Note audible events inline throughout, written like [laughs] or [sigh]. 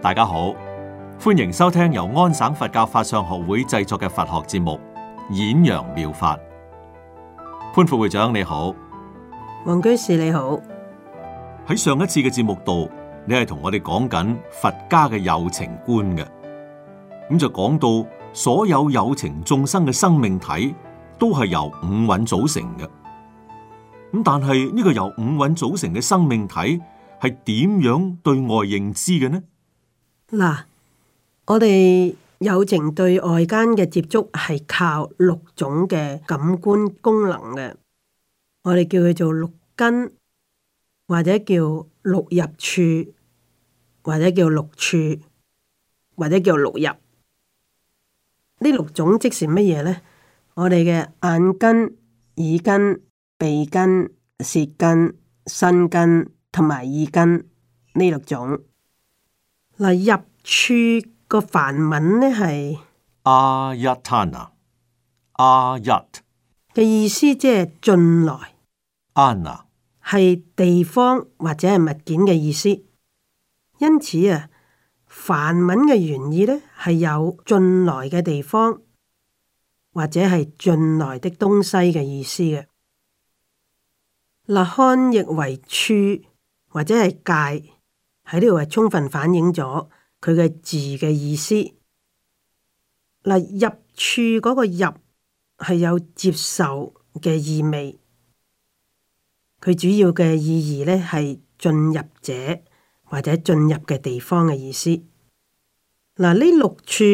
大家好，歡迎收聽由安省佛教法相學會製作嘅佛學節目《演揚妙法》。潘副會長你好，黃居士你好。喺上一次嘅節目度，你係同我哋講緊佛家嘅有情觀嘅，咁就講到所有有情眾生嘅生命體都係由五蘊組成嘅。咁但係呢個由五蘊組成嘅生命體係點樣對外認知嘅呢？嗱，我哋有情對外間嘅接觸係靠六種嘅感官功能嘅，我哋叫佢做六根，或者叫六入處，或者叫六處，或者叫六入。呢六種即是乜嘢呢？我哋嘅眼根、耳根、鼻根、舌根、身根同埋意根呢六種。入處個梵文呢係阿 yatana，yat 嘅意思即係進來，ana 係地方或者係物件嘅意思。因此啊，梵文嘅原意呢係有進來嘅地方或者係進來的東西嘅意思嘅。嗱，漢譯為處或者係界。喺呢度係充分反映咗佢嘅字嘅意思。嗱，入處嗰個入係有接受嘅意味，佢主要嘅意義咧係進入者或者進入嘅地方嘅意思。嗱，呢六處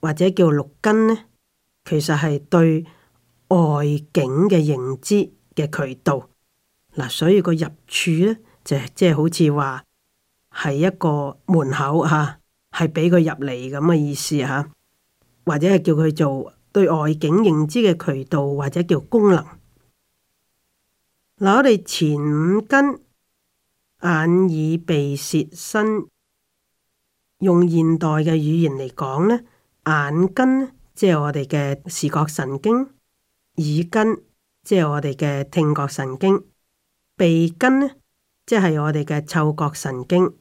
或者叫六根咧，其實係對外境嘅認知嘅渠道。嗱，所以個入處咧就即係好似話，係一個門口嚇，係俾佢入嚟咁嘅意思嚇、啊，或者係叫佢做對外境認知嘅渠道，或者叫功能。嗱，我哋前五根眼耳鼻舌身，用現代嘅語言嚟講咧，眼根即係我哋嘅視覺神經，耳根即係我哋嘅聽覺神經，鼻根即係我哋嘅嗅覺神經。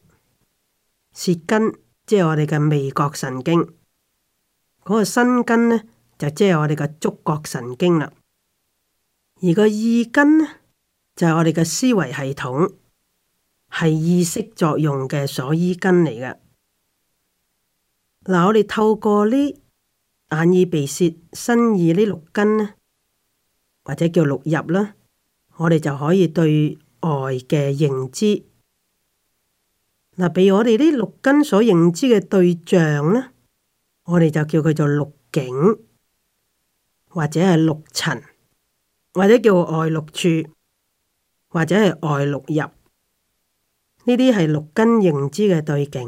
舌根即係我哋嘅味覺神經，嗰個身根呢，就即係我哋嘅觸覺神經啦，而個意根呢，就係我哋嘅思維系統，係意識作用嘅所依根嚟嘅。嗱，我哋透過呢眼耳鼻舌身意呢六根呢，或者叫六入啦，我哋就可以對外嘅認知。嗱，比如我哋啲六根所認知嘅對象呢，我哋就叫佢做六境，或者係六塵，或者叫外六處，或者係外六入。呢啲係六根認知嘅對境。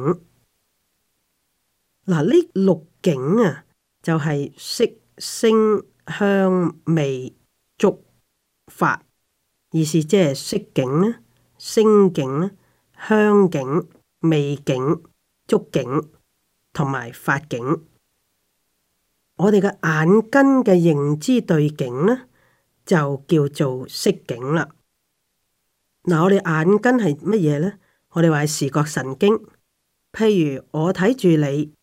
嗱，呢六境啊，就係色、聲、香、味、觸、法，意思即係色境咧、聲境咧、香境。味境、觸境同埋法境，我哋嘅眼根嘅認知對境咧，就叫做色境啦。嗱，我哋眼根係乜嘢咧？我哋話視覺神經。譬如我睇住你，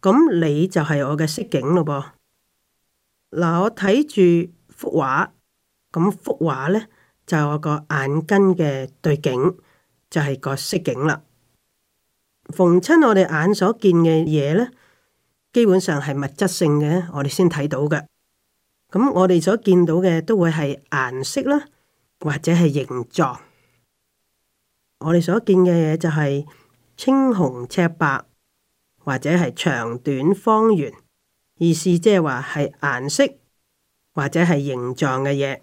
咁你就係我嘅色境咯噃。嗱，我睇住幅畫，咁幅畫咧就我個眼根嘅對境，就係個色境啦。逢親我哋眼所見嘅嘢呢，基本上係物質性嘅，我哋先睇到嘅。咁我哋所見到嘅都會係顏色啦，或者係形狀。我哋所見嘅嘢就係青紅赤白，或者係長短方圓，意思即係話係顏色或者係形狀嘅嘢。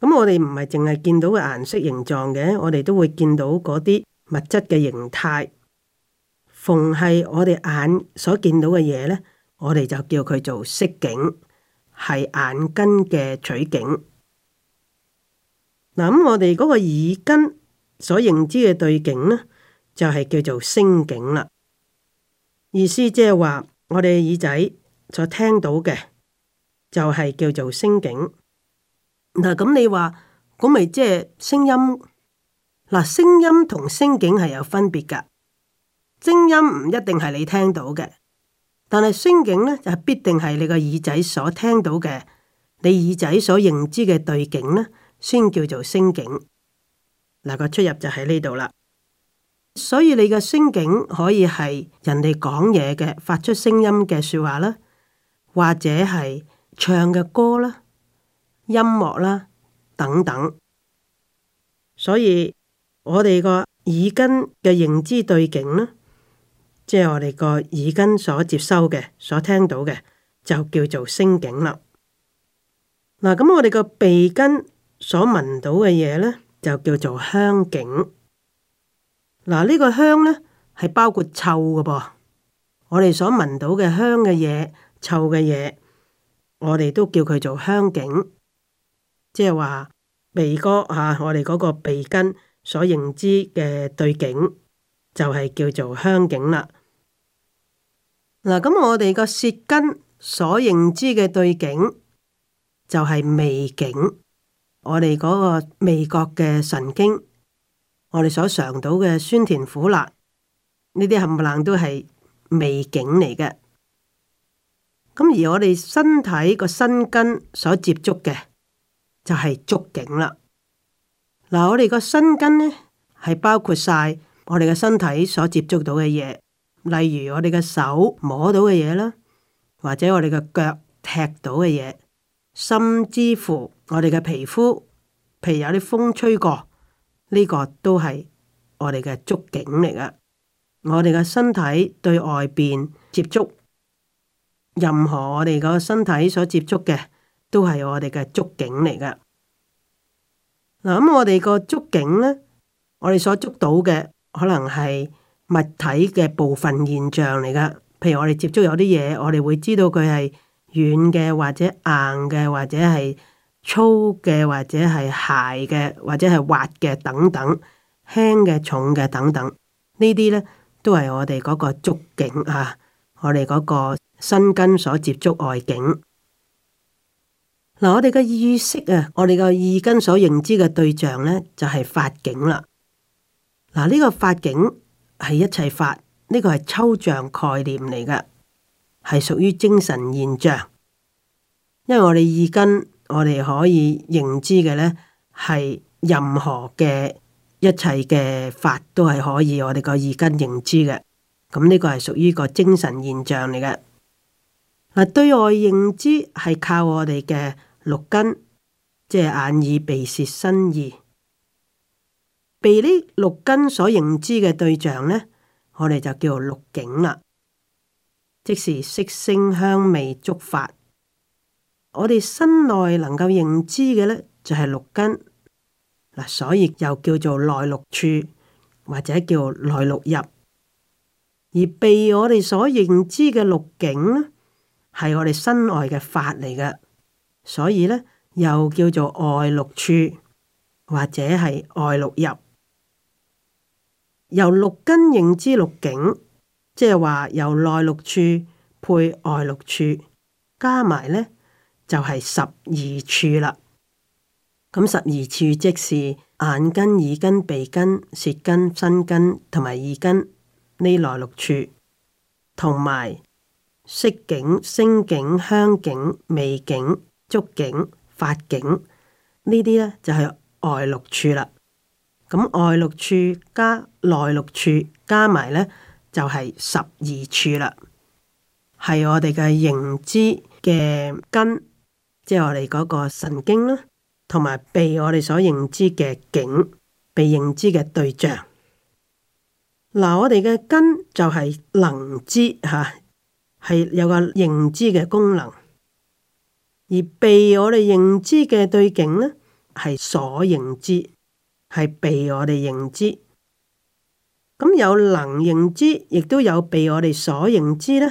咁我哋唔係淨係見到嘅顏色形狀嘅，我哋都會見到嗰啲。物質嘅形態，逢係我哋眼所見到嘅嘢呢，我哋就叫佢做色境，係眼根嘅取境。嗱，咁我哋嗰個耳根所認知嘅對境呢，就係叫做聲境啦。意思即係話，我哋耳仔所聽到嘅就係叫做聲境。嗱，咁你話，咁咪即係聲音？嗱，聲音同聲境係有分別㗎。聲音唔一定係你聽到嘅，但係聲境呢，就係必定係你個耳仔所聽到嘅，你耳仔所認知嘅對境呢，先叫做聲境。嗱，個出入就喺呢度啦。所以你嘅聲境可以係人哋講嘢嘅，發出聲音嘅說話啦，或者係唱嘅歌啦、音樂啦等等。所以我哋個耳根嘅認知對境呢，即係我哋個耳根所接收嘅、所聽到嘅，就叫做聲境啦。嗱，咁我哋個鼻根所聞到嘅嘢呢，就叫做香境。嗱，呢個香呢係包括臭㗎噃，我哋所聞到嘅香嘅嘢、臭嘅嘢，我哋都叫佢做香境。即係話鼻哥吓，我哋嗰個鼻根。所認知嘅對境就係、是、叫做香境啦。嗱，咁我哋個舌根所認知嘅對境就係、是、味境。我哋嗰個味覺嘅神經，我哋所嚐到嘅酸甜苦辣，呢啲冚唪唥都係味境嚟嘅。咁而我哋身體個身根所接觸嘅就係、是、觸境啦。嗱、啊，我哋個身根咧係包括晒我哋嘅身體所接觸到嘅嘢，例如我哋嘅手摸到嘅嘢啦，或者我哋嘅腳踢到嘅嘢，甚至乎我哋嘅皮膚，譬如有啲風吹過，呢、這個都係我哋嘅觸境嚟㗎。我哋嘅身體對外邊接觸任何我哋個身體所接觸嘅，都係我哋嘅觸境嚟噶。嗱，咁我哋個觸境咧，我哋所捉到嘅可能係物體嘅部分現象嚟㗎。譬如我哋接觸有啲嘢，我哋會知道佢係軟嘅，或者硬嘅，或者係粗嘅，或者係鞋嘅，或者係滑嘅等等，輕嘅、重嘅等等。呢啲咧都係我哋嗰個觸境吓、啊，我哋嗰個身根所接觸外境。嗱，我哋嘅意識啊，我哋個意根所認知嘅對象呢，就係法境啦。嗱，呢個法境係一切法，呢個係抽象概念嚟噶，係屬於精神現象。因為我哋意根，我哋可以認知嘅呢，係任何嘅一切嘅法都係可以我哋個意根認知嘅。咁呢個係屬於個精神現象嚟嘅。嗱，對外認知係靠我哋嘅。六根即係眼耳鼻舌身意，被呢六根所認知嘅對象呢，我哋就叫做六境啦。即是色聲香味觸法，我哋身內能夠認知嘅呢，就係六根嗱，所以又叫做內六處或者叫內六入，而被我哋所認知嘅六境呢，係我哋身外嘅法嚟嘅。所以呢，又叫做外六處或者係外六入，由六根、認知六境，即係話由內六處配外六處，加埋呢，就係、是、十二處啦。咁十二處即是眼根、耳根、鼻根、舌根、身根同埋意根呢內六處，同埋色境、聲境、香境、味境。觸境、法境，呢啲呢，就係外六處啦。咁外六處加內六處加埋呢，就係十二處啦。係我哋嘅認知嘅根，即係我哋嗰個神經啦，同埋被我哋所認知嘅境，被認知嘅對象。嗱，我哋嘅根就係能知吓，係有個認知嘅功能。而被我哋認知嘅對境呢，係所認知，係被我哋認知。咁有能認知，亦都有被我哋所認知呢。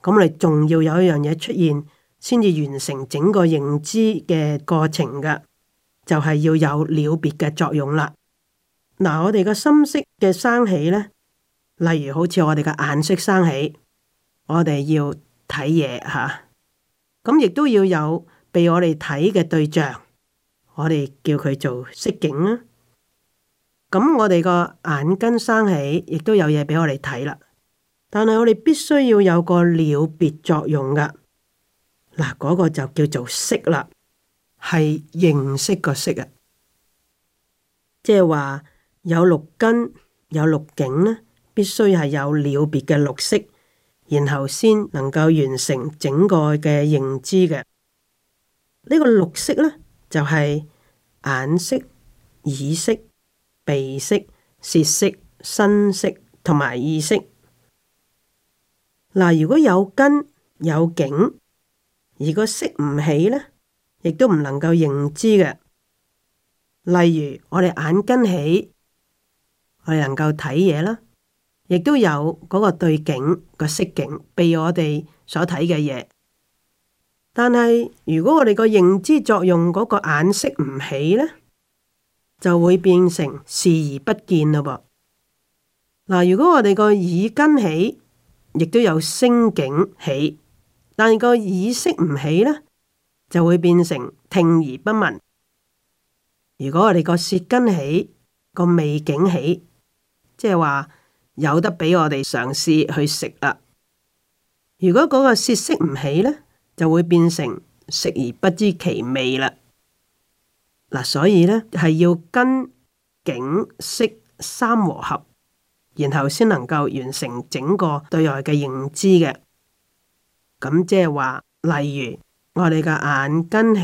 咁我哋仲要有一樣嘢出現，先至完成整個認知嘅過程噶，就係、是、要有了別嘅作用啦。嗱，我哋嘅心識嘅生起呢，例如好似我哋嘅眼識生起，我哋要睇嘢嚇。咁亦都要有被我哋睇嘅對象，我哋叫佢做色境啦。咁我哋個眼根生起，亦都有嘢俾我哋睇啦。但係我哋必須要有個了別作用噶。嗱，嗰個就叫做色啦，係認識個色啊。即係話有六根有六境啦，必須係有了別嘅綠色。然後先能夠完成整個嘅認知嘅呢、這個六識呢，就係、是、眼識、耳識、鼻識、舌識、身識同埋意識。嗱，如果有根有境，如果識唔起呢，亦都唔能夠認知嘅。例如我哋眼根起，我哋能夠睇嘢啦。亦都有嗰個對景、個色景俾我哋所睇嘅嘢，但係如果我哋個認知作用嗰個眼識唔起呢，就會變成視而不見咯噃。嗱，如果我哋個耳根起，亦都有聲景起，但係個耳識唔起呢，就會變成聽而不聞。如果我哋個舌根起，個味景起，即係話，有得俾我哋嘗試去食啦。如果嗰個舌識唔起呢，就會變成食而不知其味啦。嗱、啊，所以呢，係要根境識三和合，然後先能夠完成整個對外嘅認知嘅。咁即係話，例如我哋嘅眼根起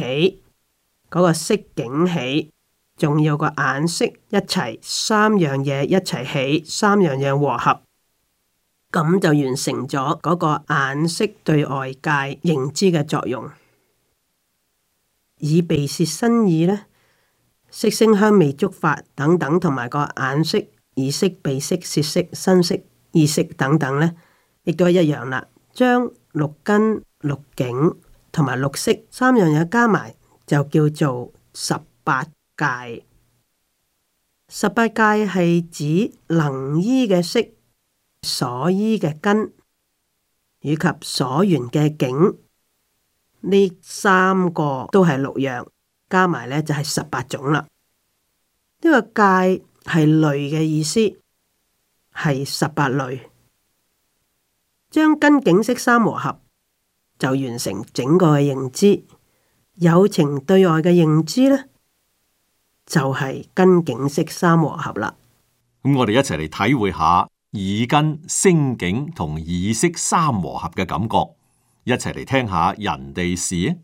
嗰，那個色境起。仲有個眼識一齊，三樣嘢一齊起，三樣嘢和合，咁就完成咗嗰個眼識對外界認知嘅作用。耳鼻舌身意呢，色聲香味觸法等等，同埋個眼識、耳識、鼻識、舌識、身識、意識等等呢，亦都係一樣啦。將六根、六境同埋六識三樣嘢加埋，就叫做十八。界十八界係指能依嘅識、所依嘅根，以及所緣嘅境。呢三個都係六樣，加埋呢就係十八種啦。呢個界係類嘅意思，係十八類，將根、境、識三和合，就完成整個嘅認知。有情對外嘅認知呢。就係根境識三和合啦，咁我哋一齊嚟體會下耳根聲境同耳識三和合嘅感覺，一齊嚟聽下人哋事。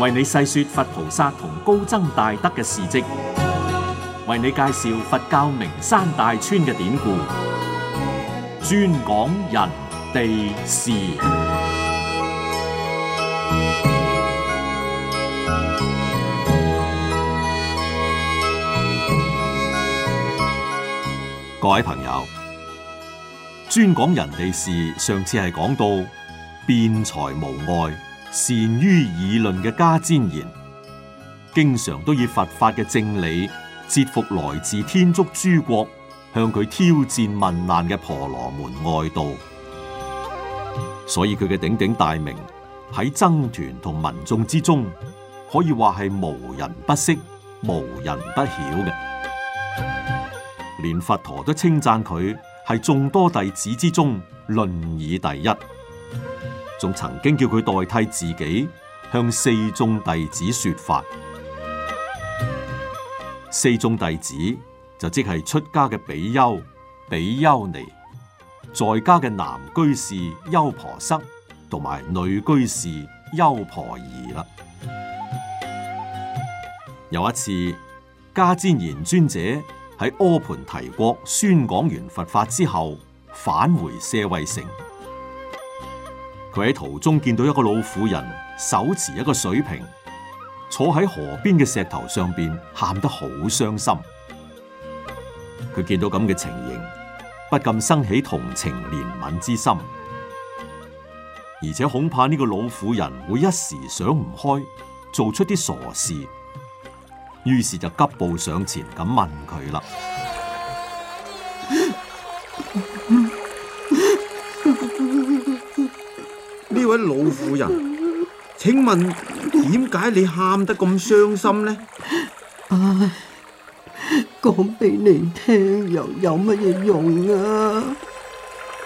為你細說佛菩薩同高僧大德嘅事蹟，為你介紹佛教名山大川嘅典故。專講人哋事，各位朋友，專講人哋事。上次係講到辯才無礙、善於議論嘅迦旃延，經常都以佛法嘅正理折服來自天竺諸國。向佢挑戰問難嘅婆羅門外道，所以佢嘅鼎鼎大名喺僧團同民眾之中，可以話係無人不識、無人不曉嘅。連佛陀都稱讚佢係眾多弟子之中論議第一，仲曾經叫佢代替自己向四眾弟子說法，四眾弟子。就即係出家嘅比丘、比丘尼，在家嘅男居士優婆塞同埋女居士優婆夷啦。 [music] 有一次，迦旃延尊者喺阿盤提國宣講完佛法之後，返回舍衛城。佢喺途中見到一個老婦人手持一個水瓶，坐喺河邊嘅石頭上邊，喊得好傷心。佢見到咁嘅情形，不禁生起同情憐憫之心，而且恐怕呢個老婦人會一時想唔開，做出啲傻事，於是就急步上前咁問佢啦，呢位老婦人，請問點解你喊得咁傷心呢？講俾你聽又有乜嘢用啊？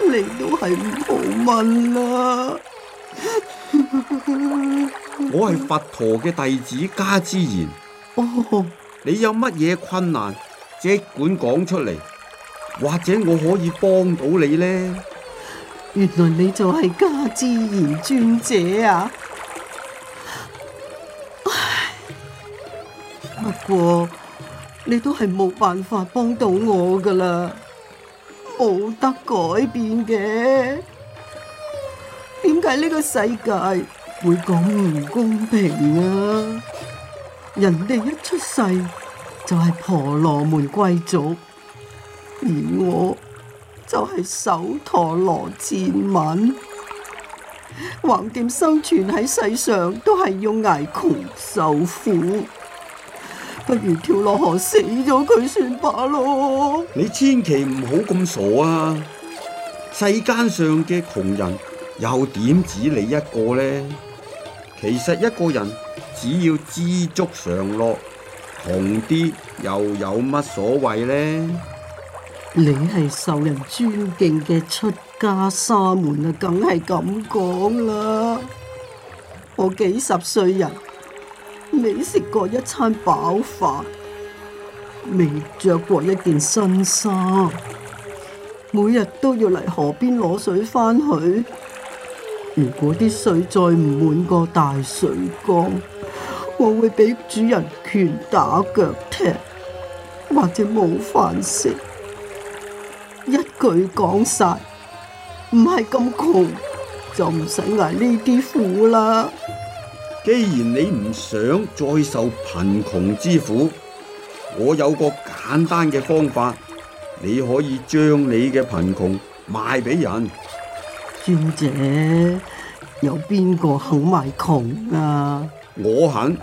你都係唔好問啦、啊。 [laughs] 我係佛陀嘅弟子迦旃延。哦，oh. 你有乜嘢困難，即管講出嚟，或者我可以幫到你呢？ [laughs] 原來你就係迦旃延尊者啊！ [laughs] 唉，不過。你都係冇辦法幫到我噶啦，冇得改變嘅。點解呢個世界會講唔公平啊？人哋一出世就係、是、婆羅門貴族，而我就係、是、首陀羅賤民。橫掂生存喺世上都係要挨窮受苦。不如跳落河死咗佢算罷咯！你千祈唔好咁傻啊！世間上嘅窮人又點止你一個咧？其實一個人只要知足常樂，窮啲又有乜所謂咧？你係受人尊敬嘅出家沙門啊，梗係咁講啦！我幾十歲人。未食過一餐飽飯，未着過一件新衫，每日都要嚟河邊攞水翻去。如果啲水再唔滿個大水缸，我會俾主人拳打腳踢，或者冇飯食。一句講晒，唔係咁窮就唔使捱呢啲苦啦。既然你唔想再受貧窮之苦，我有個簡單嘅方法，你可以將你嘅貧窮賣俾人。尊者，有邊個肯買窮啊？我肯，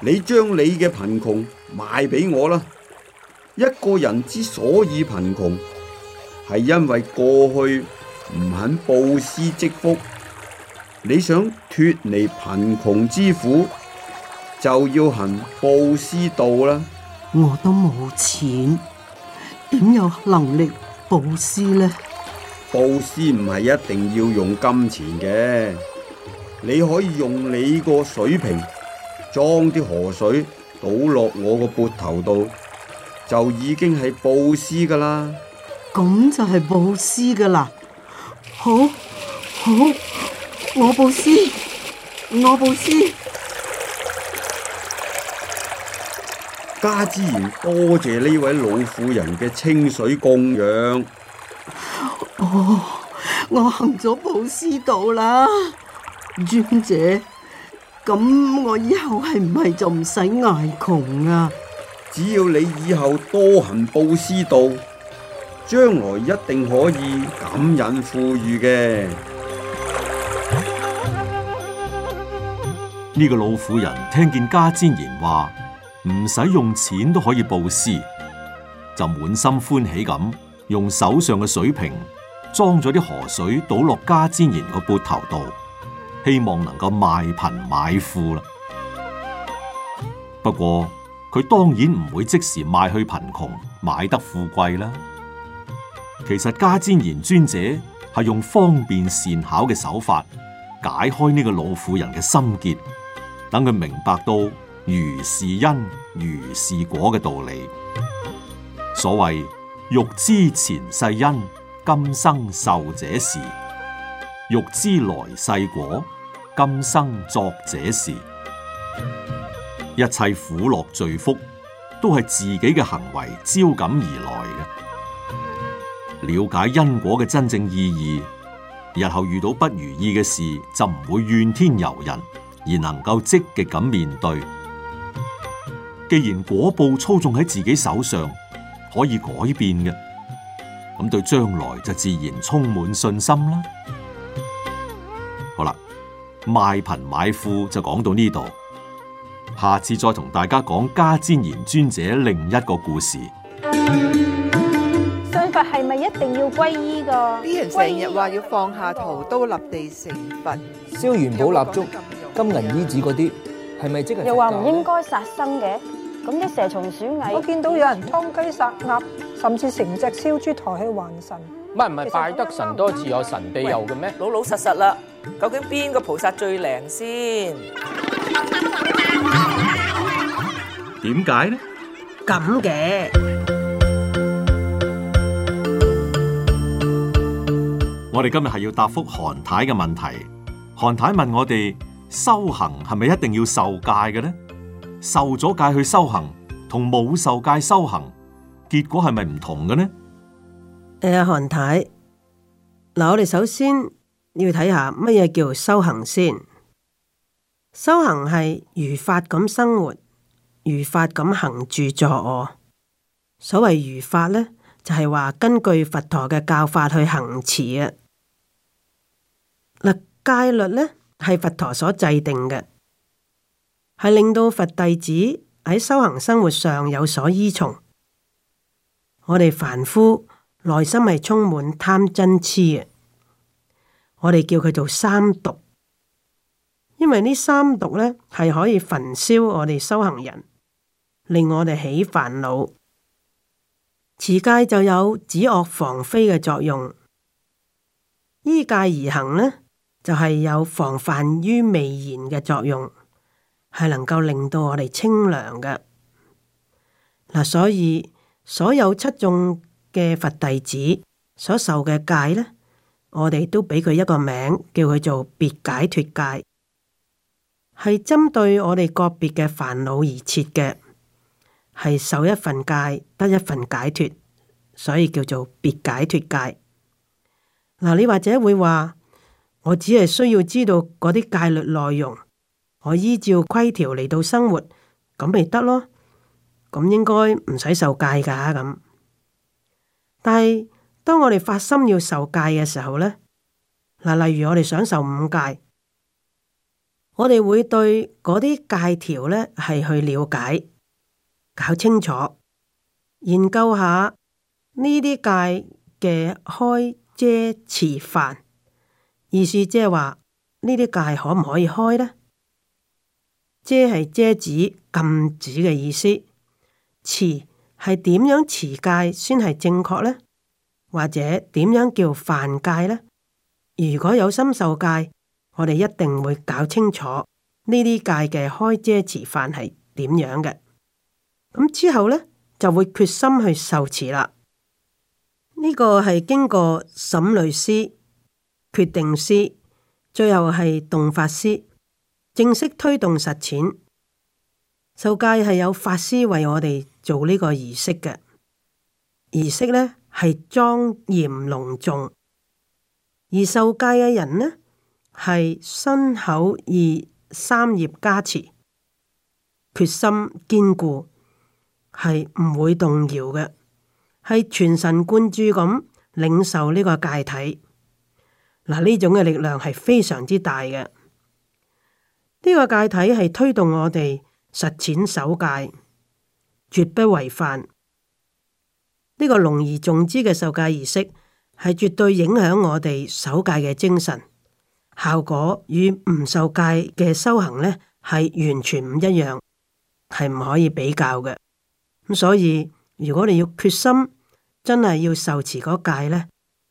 你將你嘅貧窮賣俾我啦。一個人之所以貧窮，係因為過去唔肯布施積福。你想脫離貧窮之苦，就要行布施道啦。我都冇錢，點有能力布施呢？布施唔係一定要用金錢嘅，你可以用你個水瓶裝啲河水倒落我個缽頭度，就已經係布施噶啦。咁就係布施噶啦，好，好。我布施，我布施。迦旃延多謝呢位老婦人嘅清水供養。哦，我行咗布施道啦，尊者。咁我以後係唔係就唔使挨窮啊？只要你以後多行布施道，將來一定可以感恩富裕嘅。呢個老婦人聽見迦旃延話唔使用錢都可以布施，就滿心歡喜咁，用手上嘅水瓶裝咗啲河水倒落迦旃延個缽頭度，希望能夠賣貧買富啦。不過佢當然唔會即時賣去貧窮，買得富貴啦。其實迦旃延尊者係用方便善巧嘅手法解開呢個老婦人嘅心結。等佢明白到如是因如是果嘅道理。所謂欲知前世因，今生受者是；欲知來世果，今生作者是。一切苦樂罪福，都係自己嘅行為招感而來嘅。了解因果嘅真正意義，日後遇到不如意嘅事，就唔會怨天尤人。而能夠積極咁面對，既然果報操縱喺自己手上，可以改變嘅，咁對將來就自然充滿信心啦。好啦，賣貧買富就講到呢度，下次再同大家講迦旃延尊者另一個故事。信佛係咪一定要皈依噶？啲人成日話要放下屠刀立地成佛，燒元寶蠟燭。金銀衣紙嗰啲係咪即係？又話唔應該殺生嘅，咁啲蛇蟲鼠蟻，我見到有人劏雞殺鴨，甚至成隻燒豬抬去還神。唔係唔係，拜得神多自有神庇佑嘅咩？老老實實啦，究竟邊個菩薩最靈先？點解呢？咁嘅，我哋今日係要答复韓太嘅問題。韓太問我哋。修行係咪一定要受戒嘅呢？受咗戒去修行，同冇受戒修行，結果係咪唔同嘅呢？誒，韓太，嗱，我哋首先要睇下乜嘢叫修行先。修行係如法咁生活，如法咁行住坐卧。所謂如法呢，就係話根據佛陀嘅教法去行持啊。嗱，戒律呢，係佛陀所制定嘅，係令到佛弟子喺修行生活上有所依從。我哋凡夫內心係充滿貪嗔癡嘅，我哋叫佢做三毒。因為呢三毒呢係可以焚燒我哋修行人，令我哋起煩惱。持戒就有止惡防非嘅作用，依戒而行呢，就係有防範於未然嘅作用，係能夠令到我哋清涼嘅。嗱，所以所有七眾嘅佛弟子所受嘅戒呢，我哋都俾佢一個名，叫佢做別解脫戒，係針對我哋個別嘅煩惱而設嘅，係受一份戒得一份解脫，所以叫做別解脫戒。嗱、啊，你或者會話，我只係需要知道嗰啲戒律內容，我依照規條嚟到生活咁咪得咯。咁應該唔使受戒㗎。咁、啊。但係當我哋發心要受戒嘅時候呢，嗱，例如我哋想受五戒，我哋會對嗰啲戒條呢係去了解、搞清楚、研究下呢啲戒嘅開遮持犯。意思即係話呢啲戒可唔可以開呢？遮係遮止、禁止嘅意思。持係點樣持戒先係正確呢？或者點樣叫犯戒呢？如果有心受戒，我哋一定會搞清楚呢啲戒嘅開遮持犯係點樣嘅。咁之後呢，就會決心去受持啦。呢、這個係經過沈律師。決定師，最後係動法師正式推動實踐受戒，係有法師為我哋做呢個儀式。嘅儀式呢，係莊嚴隆重。而受戒嘅人呢，係身口意三業加持，決心堅固，係唔會動搖嘅，係全神貫注咁領受呢個戒體。嗱，呢種嘅力量係非常之大嘅。呢、這個戒體係推動我哋實踐守戒，絕不違犯。呢、這個隆而重之嘅受戒儀式係絕對影響我哋守戒嘅精神效果，與唔受戒嘅修行呢係完全唔一樣，係唔可以比較嘅。咁所以，如果你要決心真係要受持嗰戒呢，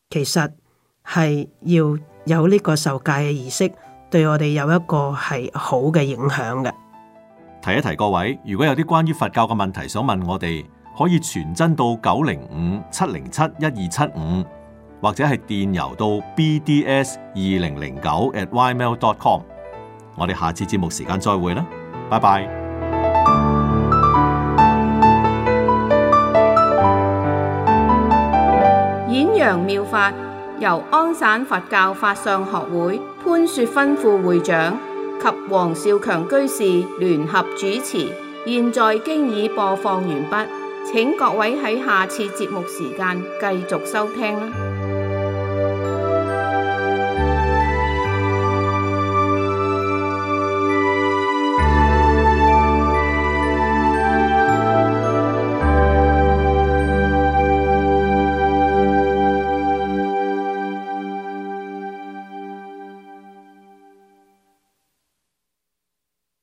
其實～係要有呢個受戒嘅儀式，對我哋有一個係好嘅影響嘅。提一提各位，如果有啲關於佛教嘅問題想問我哋，可以傳真到九零五七零七一二七五，或者係電郵到 bds 二零零九 at ymail.com。我哋下次節目時間再會啦，拜拜。演揚妙法。由安省佛教法相學會潘雪芬副會長及黃少強居士聯合主持，現在經已播放完畢，請各位喺下次節目時間繼續收聽。